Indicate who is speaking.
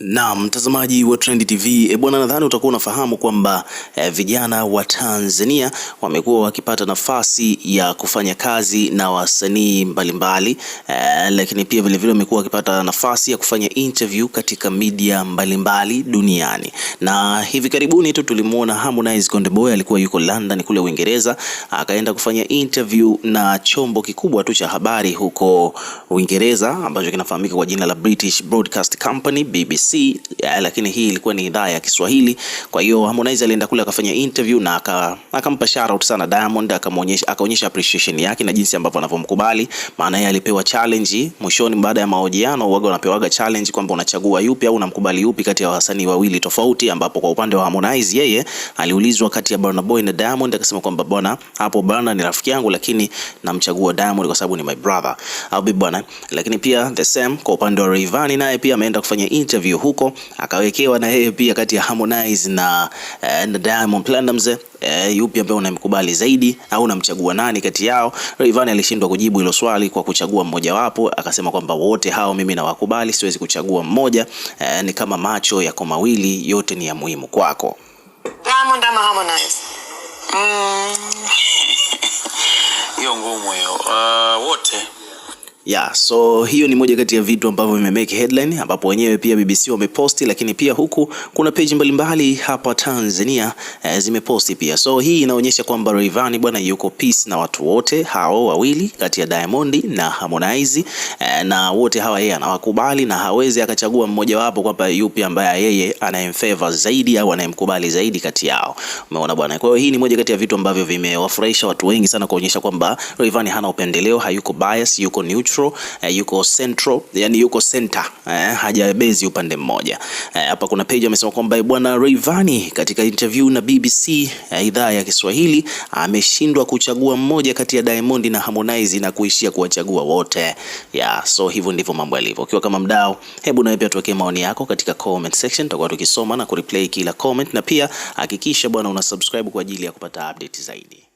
Speaker 1: Na mtazamaji wa Trend TV, e bwana, nadhani utakuwa unafahamu kwamba e, vijana wa Tanzania wamekuwa wakipata nafasi ya kufanya kazi na wasanii mbalimbali e, lakini pia vilevile wamekuwa wakipata nafasi ya kufanya interview katika media mbalimbali duniani. Na hivi karibuni tu tulimwona Harmonize Konde Boy alikuwa yuko London kule Uingereza, akaenda kufanya interview na chombo kikubwa tu cha habari huko Uingereza ambacho kinafahamika kwa jina la British Broadcast Company BBC. BBC, eh, lakini hii ilikuwa ni idhaa ya Kiswahili. Kwa hiyo Harmonize alienda kule akafanya interview na akampa shout out sana Diamond, akamuonyesha akaonyesha appreciation yake na jinsi ambavyo anavyomkubali, maana yeye alipewa challenge mwishoni, baada ya mahojiano waga wanapewaga challenge kwamba unachagua yupi au unamkubali yupi kati ya wasanii wawili tofauti, ambapo kwa upande wa Harmonize yeye aliulizwa kati ya Burna Boy na Diamond, akasema kwamba bwana, hapo Burna ni rafiki yangu, lakini namchagua Diamond kwa sababu ni my brother au bibi bwana. Lakini pia the same kwa upande wa Rayvanny, naye pia ameenda kufanya interview huko, akawekewa na yeye pia kati ya Harmonize na, eh, na Diamond Platnumz eh, yupi ambaye unamkubali zaidi au unamchagua nani kati yao? Rayvanny alishindwa kujibu hilo swali kwa kuchagua mmojawapo, akasema kwamba wote hao mimi nawakubali, siwezi kuchagua mmoja. Eh, ni kama macho yako mawili, yote ni ya muhimu kwako.
Speaker 2: Diamond ama Harmonize? Mm.
Speaker 3: Hiyo ngumu hiyo. Uh, wote
Speaker 1: Yeah, so hiyo ni moja kati ya vitu ambavyo vimemake headline ambapo wenyewe pia BBC wameposti, lakini pia huku kuna page mbalimbali hapa Tanzania eh, zimeposti pia. So hii inaonyesha kwamba Rayvanny bwana yuko peace na watu wote hao wawili kati ya Diamond na Harmonize eh, na wote hawa yeye anawakubali na hawezi akachagua mmoja wapo kwamba yupi ambaye yeye anayemfavor zaidi au anayemkubali zaidi kati yao. Umeona bwana. Kwa hiyo hii ni moja kati ya vitu ambavyo vimewafurahisha watu wengi sana kuonyesha kwamba Rayvanny hana upendeleo, hayuko bias, yuko neutral Central eh, yuko Central yani yuko center eh, hajabezi upande mmoja eh, hapa. Eh, kuna page amesema kwamba eh, bwana Rayvanny katika interview na BBC eh, idhaa ya Kiswahili ameshindwa kuchagua mmoja kati ya Diamond na Harmonize na kuishia kuwachagua wote. Yeah, so hivyo ndivyo mambo yalivyo. Ukiwa kama mdau, hebu na wewe pia tuwekee maoni yako katika comment section, tutakuwa tukisoma na kureplay kila comment, na pia hakikisha bwana una subscribe kwa ajili ya kupata update zaidi.